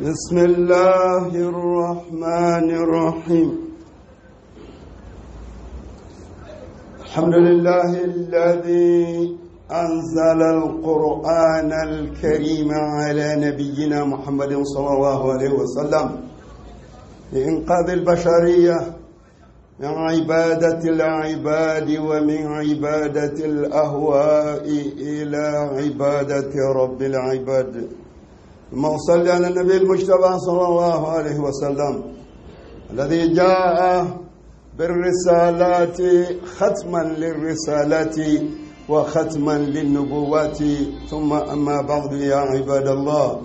بسم الله الرحمن الرحيم الحمد لله الذي أنزل القرآن الكريم على نبينا محمد صلى الله عليه وسلم لإنقاذ البشرية من عبادة العباد ومن عبادة الأهواء إلى عبادة رب العباد ثم أصلي على النبي المجتبى صلى الله عليه وسلم الذي جاء بالرسالات ختما للرسالات وختما للنبوات ثم أما بعد يا عباد الله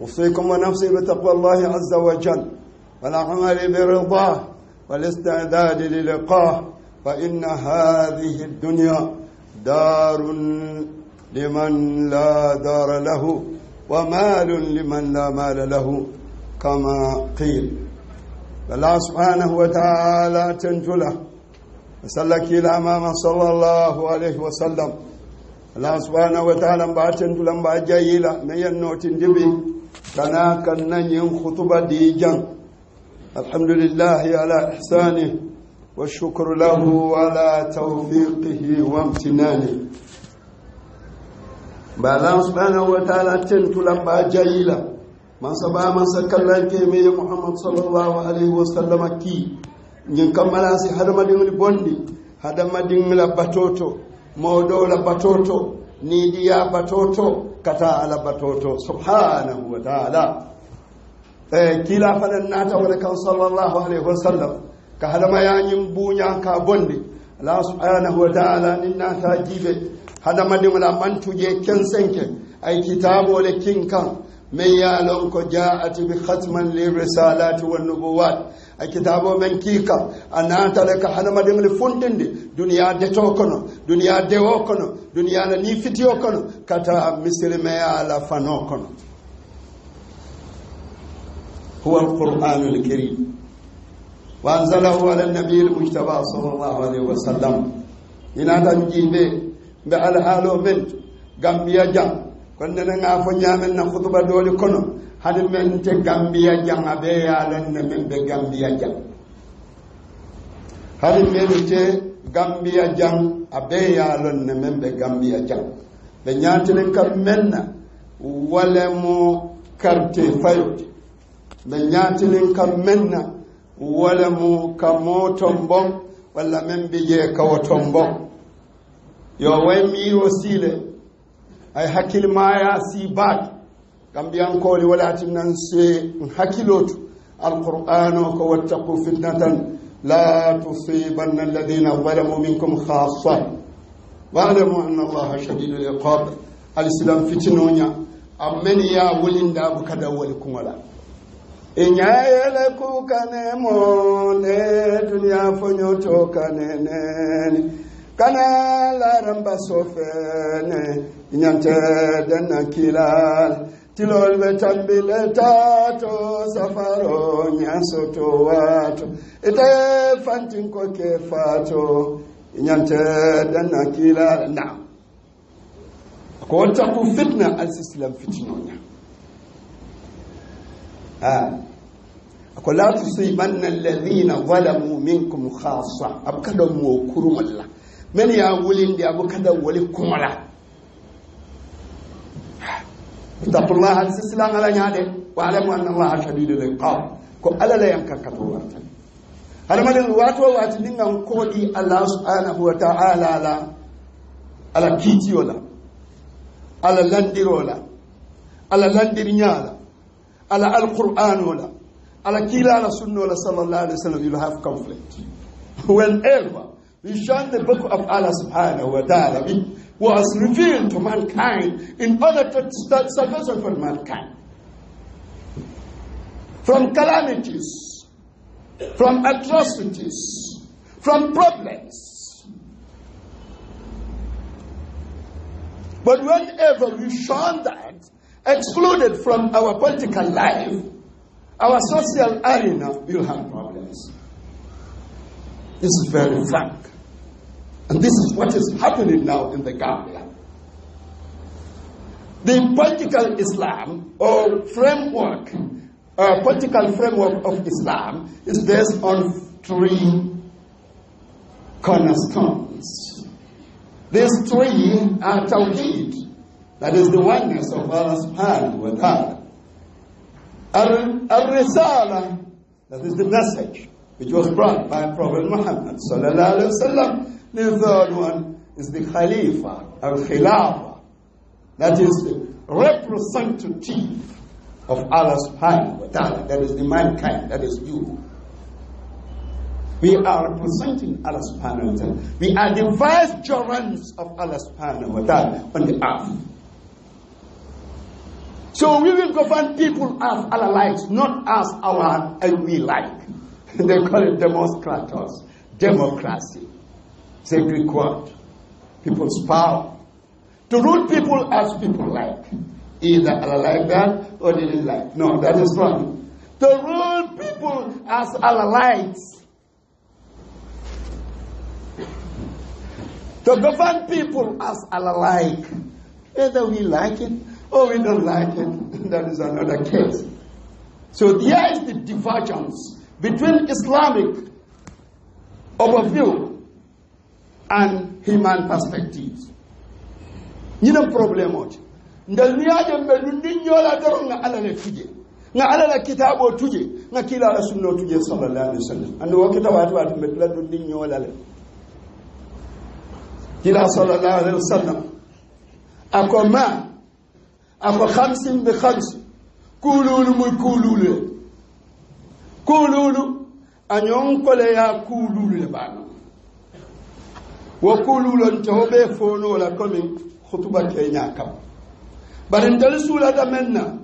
أوصيكم ونفسي بتقوى الله عز وجل والأعمال برضاه والاستعداد للقاه فإن هذه الدنيا دار لمن لا دار له ومال لمن لا مال له كما قيل فالله سبحانه وتعالى تنجله فسلك إلى أمام صلى الله عليه وسلم الله سبحانه وتعالى باتن جلن باجيلا من ينوت دبي كنا كنا خطبة ديجان الحمد لله على إحسانه والشكر له على توفيقه وامتنانه ba su subhanahu wata na cin tulan ba jayila masa ba masa kallon ke mai muhammadu sallallahu alaihi wa sallama ki yin kammala si har madin bondi hada madin la batoto mawdo batoto ni diya batoto kata ala batoto subhanahu wa ta'ala eh kila fadan nata wani kan sallallahu alaihi wa sallam ka hada mayanyin bunya ka bondi Allah subhanahu wa ta'ala ninna ta jibe hadamadiŋo la maŋ tujee kenseŋ ke a ye kitaaboo le kiŋ kaŋ meŋ ye a loŋ ko jaat bi hatman lirisalati wannubuwat a kitaaboo meŋ kii kaŋ a naata le ka hadamadiŋo le funtindi duniyaa detoo kono duniyaa dewoo kono duniyaa la niŋ fitiyoo kono ka taa misilimeyaa la fanoo kono هو القرآن الكريم وأنزله على النبي المجتبى صلى الله عليه وسلم إن هذا نجيبه mbe alhaaloo men gambiya jam kon nenenga fo ñaamen na hutuba dooli kono hade men te gambiya jam a ɓee yaalanne men ɓe gambiya jam hade men te gambiya jam a ɓee yaalanne men ɓe gambiya jam ɓe ñaatinen kaɓe men na walemo karte fayo ɓe ñaatinen kaɓe men na walemo ka mooton bon walla men mbiyee kawoton bon sile a siile hakil ma ya si baat kambiyankooli na se hakkilotu alqur'an o ko wattaqu fitnatan la tusibanna alladina zalamu minkum khassa walamu anna allaha shadidu liqab fitinonya amma ni ya da abu kada la. in ya yi ku ne mo ne duniya ka ne ne ne kana laramba sofene ñante denna kilal tilol ɓe tambile tato safaro ñasoto wato ete fantinko ke fato ñante denna kilal nam ko on takku fitna alsislam fitinoña ah. ko laatu suy manna alladina walamu minkum hasa abkaɗon mo kurumalla mene ya wuli ndi abu kada wuli kumala اتقوا الله هل سلسلان على نياده واعلموا ان الله شديد العقاب كو الا لا ينكك تورت هل ما دل واتو وات دينغان كودي الله سبحانه وتعالى على على كيتي ولا على لندير ولا على لندير نيالا على القران ولا على كيلا على سنه ولا صلى الله عليه وسلم you have conflict whenever we shun the book of Allah subhanahu wa ta'ala, was revealed to mankind in order to start salvation for mankind. From calamities, from atrocities, from problems. But whenever we shun that, excluded from our political life, our social arena, will have problems. This is very frank. And this is what is happening now in the Gambia. The political Islam or framework, uh, political framework of Islam is based on three cornerstones. These three are Tawheed, that is the oneness of Allah's hand with ta'ala. Al-Risala, that is the message which was brought by Prophet Muhammad sallallahu alayhi wa the third one is the Khalifa, al Khilafah, that is the representative of Allah subhanahu wa ta'ala, that is the mankind, that is you. We are representing Allah subhanahu wa ta'ala. We are the vicegerents of Allah subhanahu wa ta'ala on the earth. So we will govern people as Allah likes, not as our and we like. they call it democratos, democracy. C'est required. People's power. To rule people as people like. Either Allah like that or they didn't like. No, that is wrong. To rule people as Allah likes. To govern people as Allah like. Either we like it or we don't like it. that is another case. So there is the divergence between Islamic overview and human perspectives. Nous avons un problème. Nous avons un problème. Nous avons un problème. na ala la kitabo tuje na kila la sunna tuje sallallahu alaihi wasallam ando wa kitabo atu atu metla du din yola le kila sallallahu alaihi wasallam ako ma ako khamsin bi khams kululu mu kululu kululu anyon kole ya kululu le bana وكل لن تهب فون ولا كم خطبة كينيا كم بارنتل سولا دمنا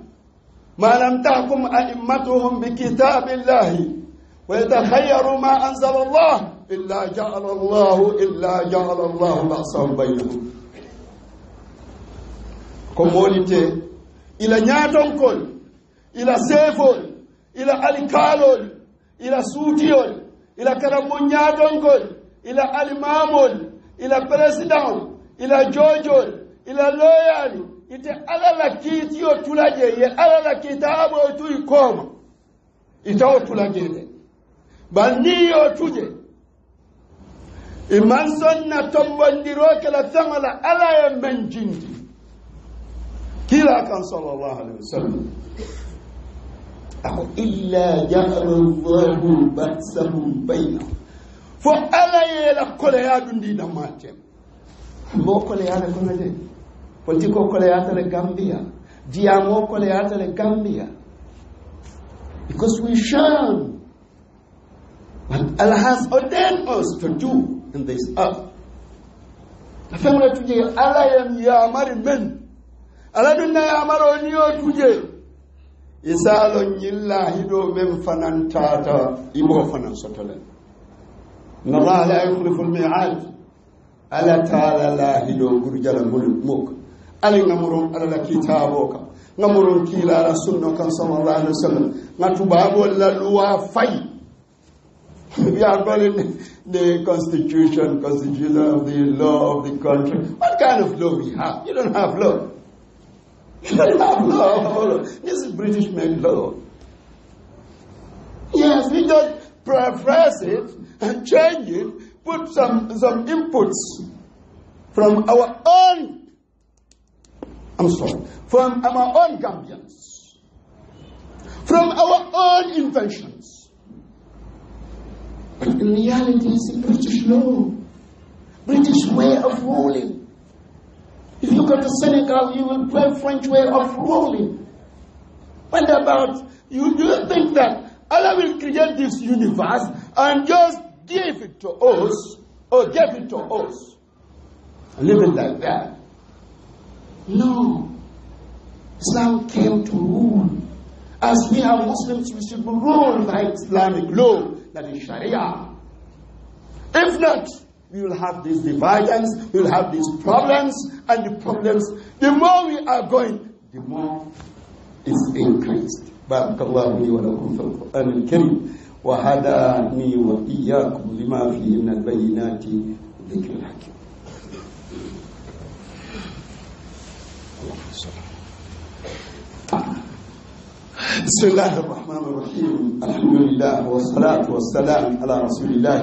ما لم تحكم أئمتهم بكتاب الله ويتخيروا ما أنزل الله إلا جعل الله إلا جعل الله بأسهم بينهم كمولتي إلى نياتهم كل إلى سيفون إلى ألكالون إلى سوتيون إلى كرمون نياتهم كل إلى ألمامون ila president ila jojo ila lawyer ite alala kiti otulaje ye alala kitabu otuikoma ita otulajele bandiyo tuje iman sonna tombondiro kela tamala ala ye men jindi kila kan sallallahu alaihi wasallam ako illa ja'ala Allahu ba'sahum bainahum fo ala yela koleya ɗum ndiɗamma tem mo koleyata kono de foti ko koleyata le gambia diyamo koleyata le gambia because we shun what allah has ordained us to do in this earth afemre tuje ala yam yamari men ala ɗum na yamaro ni o tuje isalo ñillahi ɗo men fanantata imo fanan sotolen إن الله لا يخلف الميعاد ألا تعالى لا هلون برجال ملك ألا نمرون ألا كتابك نمرون كيلا على سنة صلى الله عليه وسلم نتباب ولا لوا We are following the constitution, constitution of the law of the country. What kind of law we have? You don't have law. You don't have law. This is British made law. Yes, we do progress it and change it, put some, some inputs from our own, I'm sorry, from our own Gambians, from our own inventions. But in reality, it's a British law, British way of ruling. If you go to Senegal, you will play French way of ruling. What about you? Do you think that Allah will create this universe and just give it to us or give it to us. Living it like that. No. Islam came to rule. As we are Muslims, we should be ruled by Islamic law, that is Sharia. If not, we will have these divisions, we will have these problems, and the problems, the more we are going, the more it's increased. بارك الله لي ولكم في القرآن الكريم وهداني وإياكم لما فيه من البينات والذكر الحكيم بسم الله الرحمن الرحيم الحمد لله والصلاة والسلام على رسول الله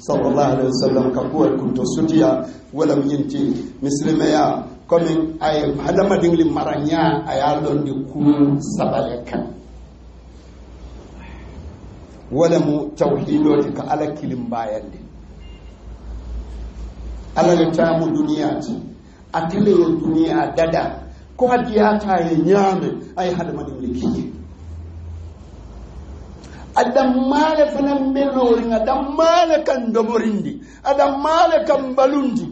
صلى الله عليه وسلم كقول كنت سجيا ولم ينتي مثل ما كمن أي هذا ما دين لمرانيا أيالون يكون سبعة كان wala mu tawhidoti ka ala kilim bayande ala le tamu duniya ti atele yo duniya dada ko hadiyata ye nyame ay hadama ni liki adam male fana mbelo ringa adam male kan domorindi adam male kan balundi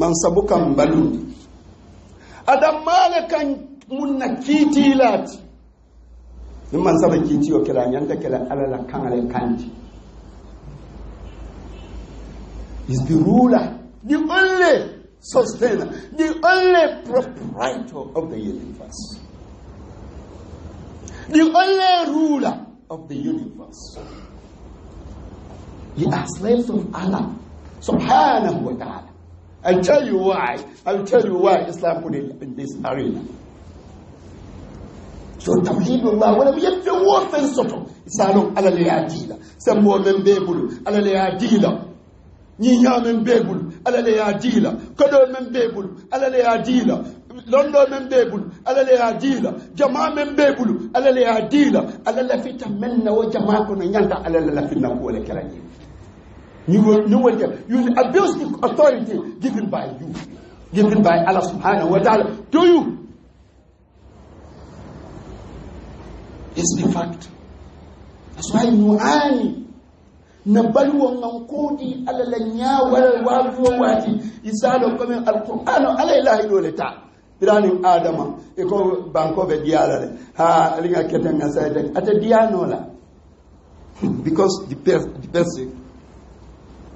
man sabu kan balundi adam male kan munna kitilati din man saba kitiyo kila nyanta kila alala kangale kanti is the ruler the only sustainer the only proprietor of the universe the only ruler of the universe you are slaves of Allah subhanahu wa ta'ala i tell you why. I'll tell you why Islam put it in this arena. so tawhidullah wona mi yette wofen soto salon alala ya diila sembo men beebulu alala ya diila ñiñamen beebulu alala ya diila koɗo men beebulu alala ya diila londo men beebulu alala ya diila jama men beebulu alala ya diila ala lafita men nawo jama kono ñanta alala lafinna kuwole kerañi ñu wol dem you abuse the authority given by you given by allah subhanahu wa taala to you It's the fact. That's why you are. na bar wannan kodi alalan ya warwa ruwa waje isa da kwamin alkur'anu alailah idolita birane adama iko banko be diyara ha ringa ketan ya sai la because the the person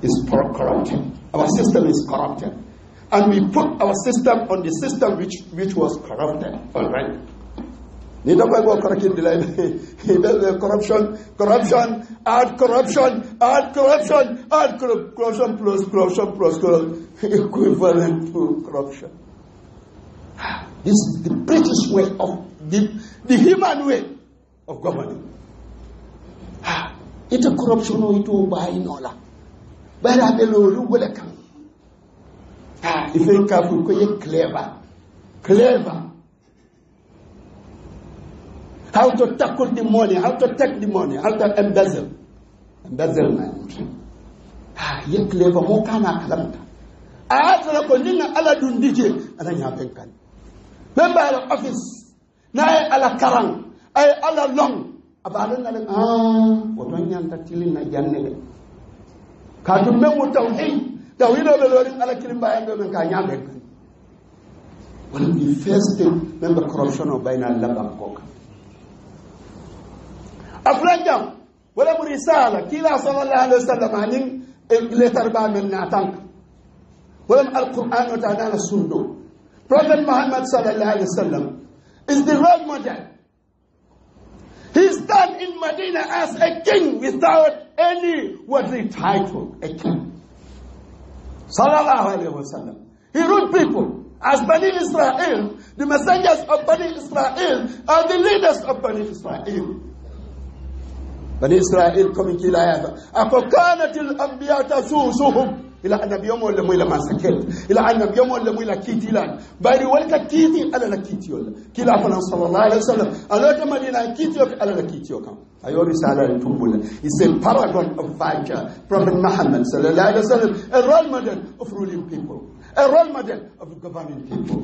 is corrupting. our system is corrupted and we put our system on the system which which was corrupted all right he never go cracking the line. he does corruption, corruption, add corruption, add corruption, add corruption plus corruption plus corruption, equivalent to corruption. This is the British way of the, the human way of governing. Ita corruption o ito bayi nola. Bara da lori wala come? If kafin ko ye clever. Clever how to tackle the money, how to take the money, how to embezzle. Embezzlement. Ah, ye clever mo kana kalamta. A tara ko ninga ala dun dije ala nya benkan. Member of office na ay ala karang, ay ala long. Abalan na ah, wato nyan tatilin na janne remember, Ka dum be mo tawhid, tawhid be lorin ala kilim bayan do men ka nya benkan. Wala bi first thing member corruption o bayna Allah bangkok afulajan walamu risala kila sallallahu alaihi wasallam anin eh, letar ba min na tank walam alquran ta na prophet muhammad sallallahu alaihi wasallam is the role model he stand in medina as a king without any worldly title a king sallallahu alaihi wasallam he ruled people as Bani Israel, the messengers of Bani Israel are the leaders of Bani Israel. بني اسرائيل كم كي لا يدا افكانت الانبياء تسوسهم الى ان بيوم ولا ميلا ما سكت الى ان بيوم ولا ميلا كيتي لان باري ولك كيتي على الكيتي ولا كلا فن صلى الله عليه وسلم انا كما دينا كيتي على الكيتي كم ايو رساله لتوبل is a paragon of virtue prophet muhammad صلى الله عليه وسلم a role model of ruling people a role model of governing people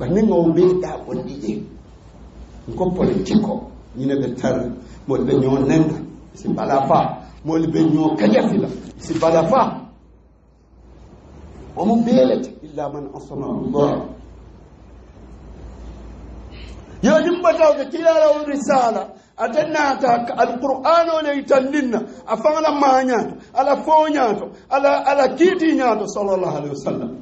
baningo mbi da wonde je ko politiko ñine ɓe tar moɗe ɓe ñoo nenda si mbala fa moɗe ɓe ñoo kañafila si mbala fa omo beelete illa man asamaallah yo limbatawde tiyara o risala ata naata alqur'an o ley tanninna a fangla mañato ala foñato ala ala kiitiñato sallallah alayhi wa sallam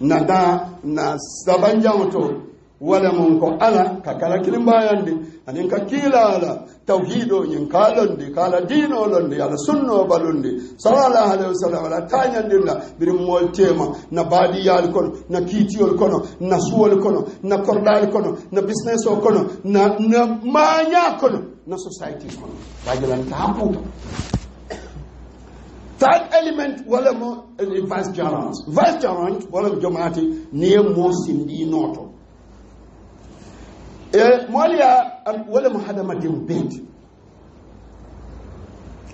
nada na saba jawtoo wala mun ko ala ka kala kilim anin ka kila ala tawhido yin kalonde kala dino londi ala sunno balundi sallallahu alayhi wasallam ala tanyandilla bir mol tema na badi yal kono na kitiyol kono na suwol kono na kordal kono na business o kono na na manya kono na society kono bajilan ta hapu Third element wala mo vice gerant vice gerant wala jomati ne mo sindi noto إيه؟ إيه؟ موالي ولا محدمة البيت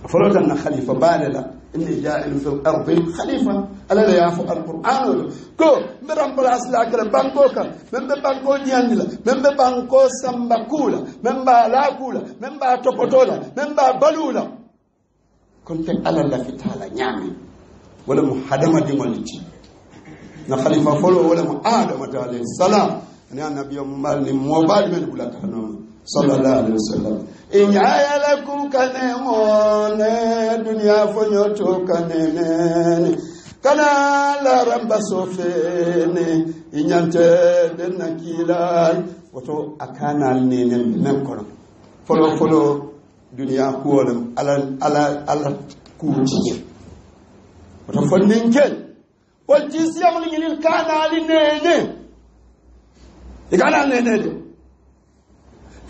فرد أن خليفة بالله إني جاعل في الأرض خليفة ألا لا يعفو القرآن ولا كو مرام براس لا كلا بانكو كان من بانكو ديانلا من بانكو سمبكولا من با لاكولا من با توبوتولا من با بالولا كنت ألا لا في تعالى نعمي ولا محدمة دي مالتي na khalifa folo wala mu adama ta alayhi salam ani annabiya mumal ni mobile men kula kano sallallahu alaihi wasallam in ya mone dunya fonyo to kane ne kana la ramba sofe inyante den nakila akana ne ne men kono folo folo duniya kuwolam ala ala ala kuutiye woto fondin ken wol jisiyamol ñinil kanali nene e ga alaa neeneede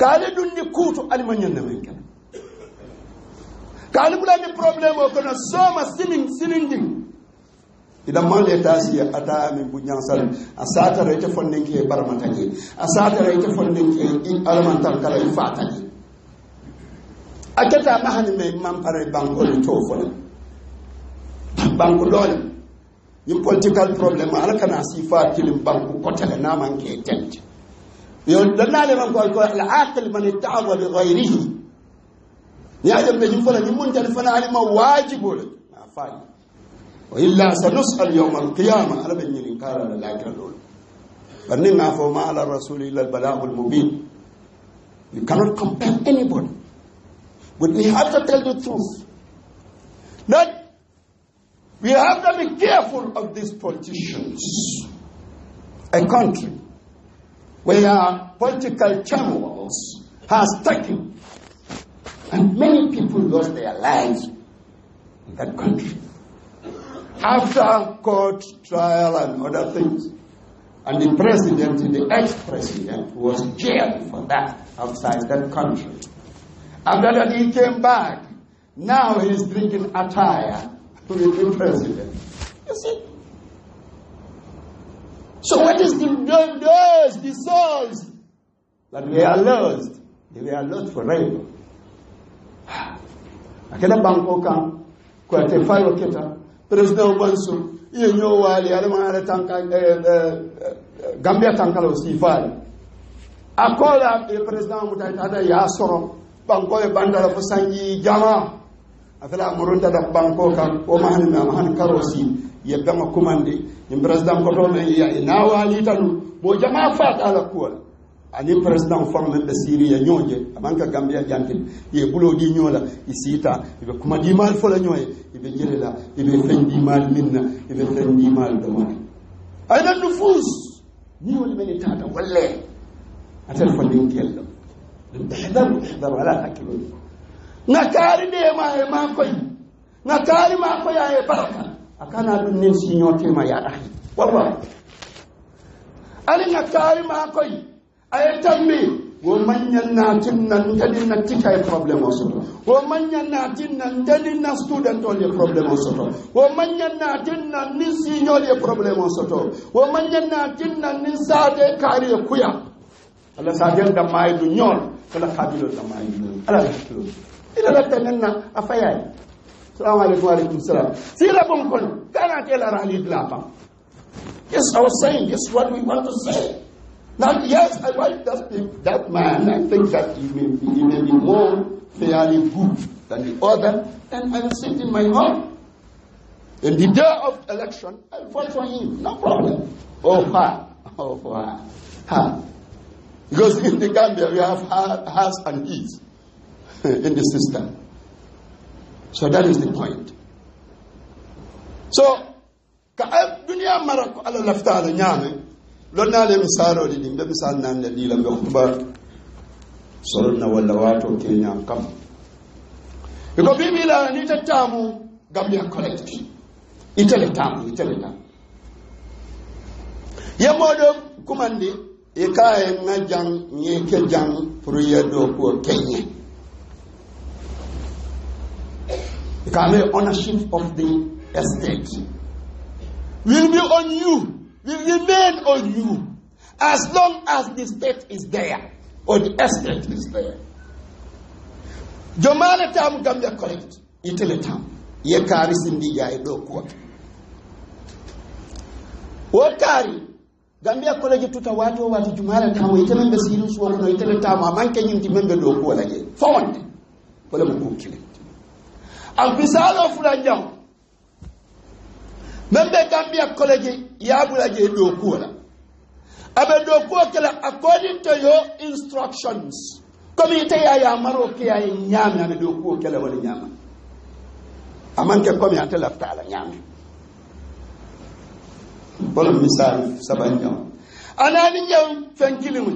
kaali ɗum ni kuutu alima ñannde men kene kaali ɓulani probléme o kono sooma sinin sinin ndin ida malle tasiya ata amin buñan sal a satara ite fonndenki e barmatañi a satara ite fonndenki e in alamantal kala e faatañi a ketta ɓahani ma mampare banque ole coo fole banque ɗoole yim political probléme ala kana si faa tilim banque kotele namanke tente يودنا لمن قال العاقل من اتعظ بغيره يعجب بجن فلان يمون تلفنا على ما واجب عفاني وإلا سنسأل يوم القيامة على من بني الإنكار للآخرة دول فنما فما على الرسول إلا البلاغ المبين You cannot compel anybody. But we have to tell the truth. That we have to be careful of these politicians. A country where political turmoils has taken and many people lost their lives in that country. After court trial and other things, and the president, the ex-president, was jailed for that outside that country. After that, he came back. Now he's drinking attire to the new president. You see, so what is the those, the souls that are lost? They were lost forever. Akenda bankoka kwa te fayo keta president Bonsu iyo nyo wali ale mwana tanka eh, eh, eh, Gambia tanka lo sifali. Akola e president mutaita ya soro banko e bandala fusangi jama afela murunda da bankoka o mahani na mahani karosi yebgaŋa kumandi ñiŋ président koto meŋ ya i naa waaliitanu boo jamaa faata la kuwo la aniŋ président faŋ meŋ be siiriya ñoo je a maŋ ka gambiya janti i ye buloo dii ñoo la i siita i be kuma diimaalu fo la ñoo ye i be jele la i be feŋ diimaalu miŋ na i be feŋ diimaalu domo la nufus niŋ wolu meni taata walle ate fo niŋ kel lo ihdaru ihdaru ala hakkilolu ŋa kaari deemaa ye maa koyi ŋa kaari maa koyaa ye baraka A akana ɗum nin siñotima yaɗahi wallah alina karima koy aye tammi wo mañannatinna ndeɗinna tika e probléme o soto na mañannatinna na student ol e probléme o soto wo mañannatinna ni siñol e probléme o soto na mañannatinna ni saade kari ya kuya ala saadel dammayi du ñool kala kaabilol dammayi dunyon ala hakkilo da tenenna a fayaye. السلام عليكم وعليكم السلام. Sila bumpun, kana kela rali glapa. Yes, I was saying, yes, what we want to say. Now, yes, I want that, that man, I think that he may, be, he may be more fairly good than the other, and I will sit in my heart. In the day of election, I will vote for him, no problem. Oh, ha, oh, ha, ha. Because in the Gambia, we have has and is in the system. So that is the point. So, ka duniya mara ko ala lafta ala ñaame lo naale misaarooɗi ɗi mbe misaal naanne ɗiila mbe hutuba soronna walla waato keña kam e ko bimila ni tettamu gambiya collecte itele tamu itele tamu yemmoɗo kumandi e kaye ŋa jaŋ ñeke jaŋ pour yeddo ko keñe becoming ownership of the estate will be on you, will remain on you as long as the state is there or the estate is there. Jomale tam gambia collect itele tam ye kari sindi ya ido kuwata. Wo kari gambia college tuta wati o wati jumale tam itele mbe sirin suwa kuno itele tam amanke nyinti membe do kuwa laje. Fawante. Wala mkukile afisalo fulanja membe gambia college yabulaje dokuola abe dokuo kela according to your instructions comme ite ya yamaro ke ya nyame abe dokuo kela wala nyama amanke comme ya telafta ala nyame bolon misal sabanya anani nyaw fankilimu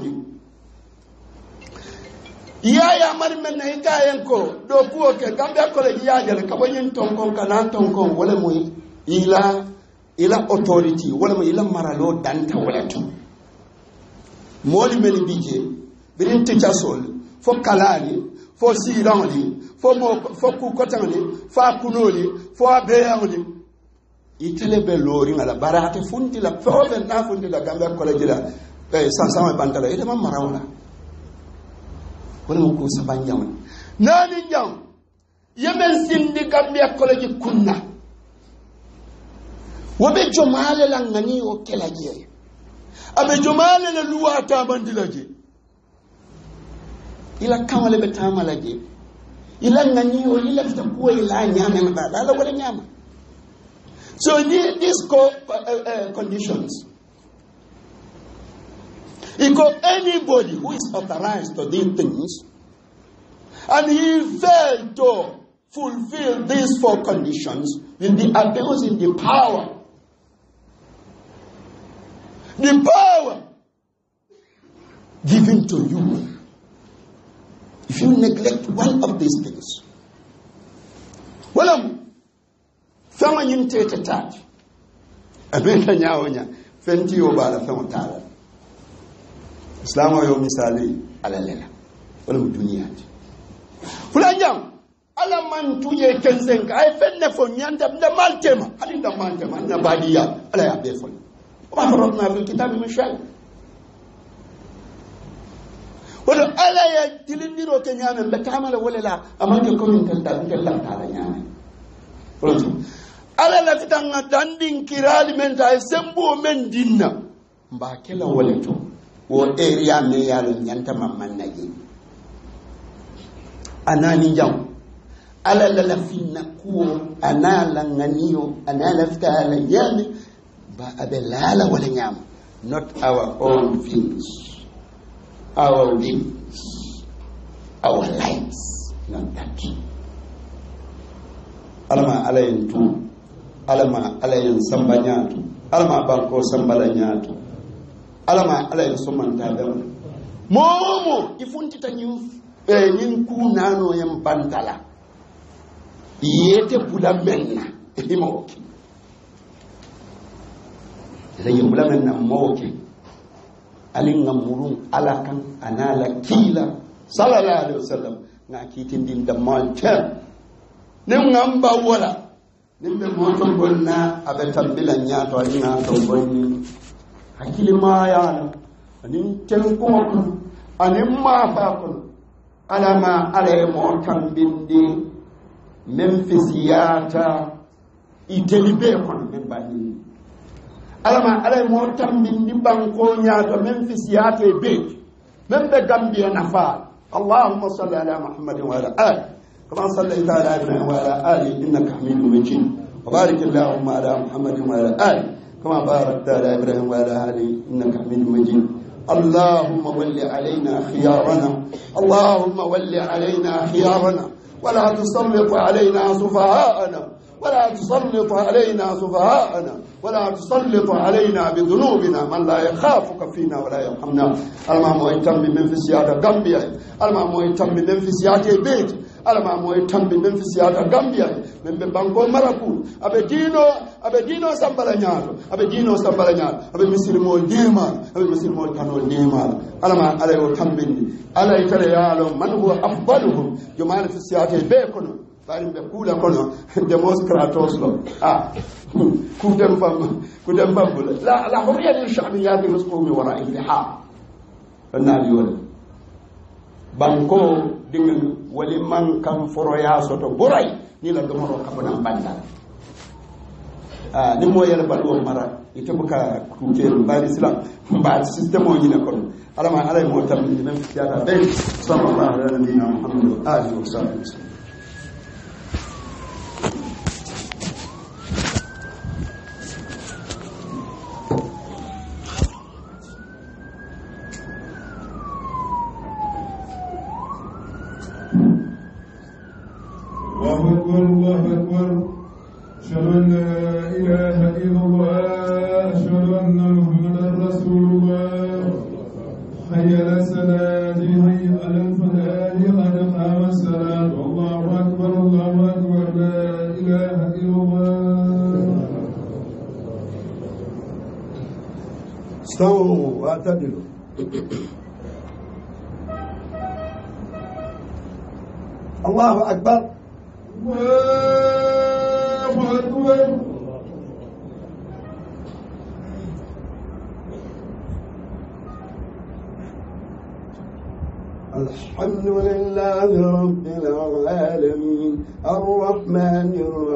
yaya mari men nay yen ko do kuwo ke gambe ko le yaajale ka bo nyin tonkon kana tonkon wala moy ila ila authority wala mo ila maralo danta wala to moli men bije birin tica sol fo kalaani fo siranli fo mo fo ku kotanli fo kunoli fo abeyanli itele be lori ngala barate fundi la fobe na fundi la gambe ko le jira eh, sansama bantala ite mara wala wonmo ko saban nani naani jaw yemen sindi gambia koloji kunna woɓe jomale la ngani o kela jee aɓe jomale la luwa tamandila je ila kamale ɓe tamala je ila ngani o ila fita kuwa ila ñamema ɗaɗa ala wala ñama so ni this co, uh, uh, conditions Because anybody who is authorized to do things and he failed to fulfill these four conditions will be abusing the power. The power given to you. If you neglect one of these things, walam um, fɛŋa yin tee ti taaj a bee la nyaawo nya fɛn ti yoo baala fɛŋo islam yo misali ala lela wala mu duniya ti fula jam ala man tuye kenzen ka ay fenne fo nyanda nda maltema ali nda maltema nda badiya ala ya be fo wa rabbuna bil kitab min shay wala ala ya dilindiro ke nyame be kamala wala la amanke ko min tan tan ke lan tan nyame ala la fitan nga dandin kirali men ta sembo men dinna mba kela wala to wo area me yalo nyanta mamman na yi anani jam ala la la finna kuwo ana la nganiyo ana la fita la yali ba abe lala wala nyama not our own things our limbs our lives not that alama alayin tu alama alayin samba nyatu alama banko sambala nyatu alama ala yin so man da dawo momo ifun ti tanyu eh nin ku nano yan bantala yete bula menna ima eh, oki da yin bula menna ma oki alin ngamurun alakan anala kila sallallahu alaihi wasallam na kitin din da mantan nin ngamba wala nin be mantan bonna abetan bilan ya to ina to bonni hakkille ma yaala anin tenkuŋo kono anin maafaa kono ala ma ala ye moo kambindi meŋ fisiyaata iteli bee kono meŋ bañinni ala ma ala ye moo kambindi bankoo ñaato meŋ fisiyaata e bee meŋ e be gambiya nafaa allahuma salli ala muhammadin wa ala ali كما صليت على ابراهيم وعلى اله انك حميد مجيد وبارك اللهم على محمد وعلى اله كما باركت على إبراهيم وعلى آله إنك حميد مجيد اللهم ول علينا خيارنا اللهم ول علينا خيارنا ولا تسلط علينا سفهاءنا ولا تسلط علينا سفهاءنا ولا تسلط علينا بذنوبنا من لا يخافك فينا ولا يرحمنا المهم يتم من في سيادة غامبيا المهم يتم من في سيادة بيتي alama moy tambi men fisiyata gambia men be banko maraku abe dino abe dino sambala nyaalo abe dino sambala nyaalo abe misiri mo neema abe misiri mo tano neema alama alay o tambindi alay tale yaalo man huwa afdaluhum fisi fisiyata be kono bari mbe kula kono demos kratos lo ah kudem bam kudem bam la la hurriya lil sha'bi yati rusqumi wara intihar fanali wala banko dingin wali man foro ya soto buray ni la ro kabana banda ah, ni mo yel balu mara ite buka kute bari islam ba system o nyina kon ala ma ala mo tam ni men fiata be sallallahu alaihi wa sallam استووا واعتدلوا الله أكبر الله أكبر الحمد لله رب العالمين الرحمن الرحيم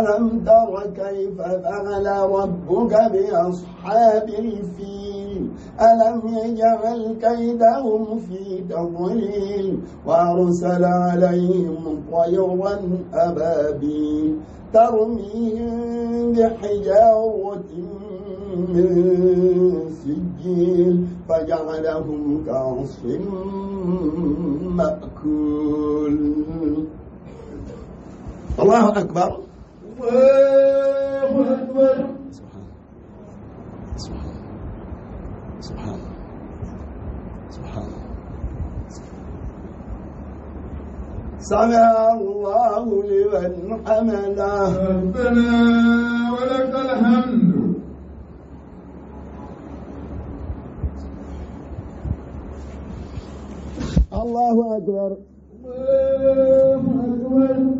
ألم تر كيف فعل ربك بأصحاب الفيل ألم يجعل كيدهم في تضليل وأرسل عليهم طيرا أبابيل ترميهم بحجارة من سجيل فجعلهم كعصف مأكول الله أكبر الله سبحان سبحان سبحان سبحان سمع الله لمن حمده ربنا ولك الحمد الله أكبر الله أكبر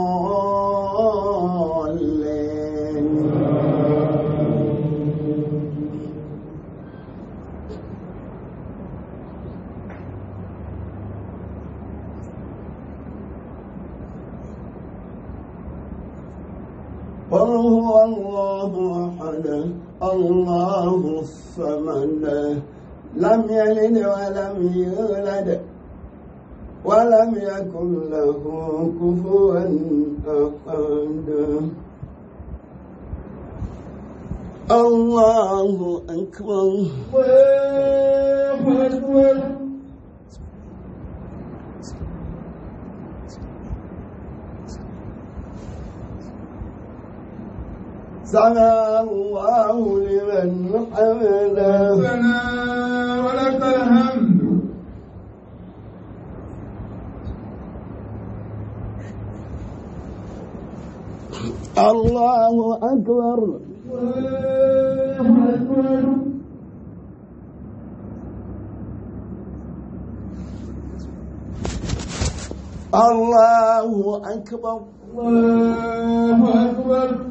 الصمد الله الصمد لم يلد ولم يولد ولم يكن له كفوا أحد الله أكبر الله أكبر سمع الله لمن حمده ربنا ولك الحمد الله أكبر الله أكبر الله أكبر الله أكبر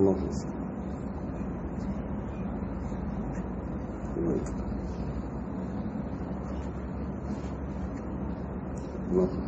love this. Love. love.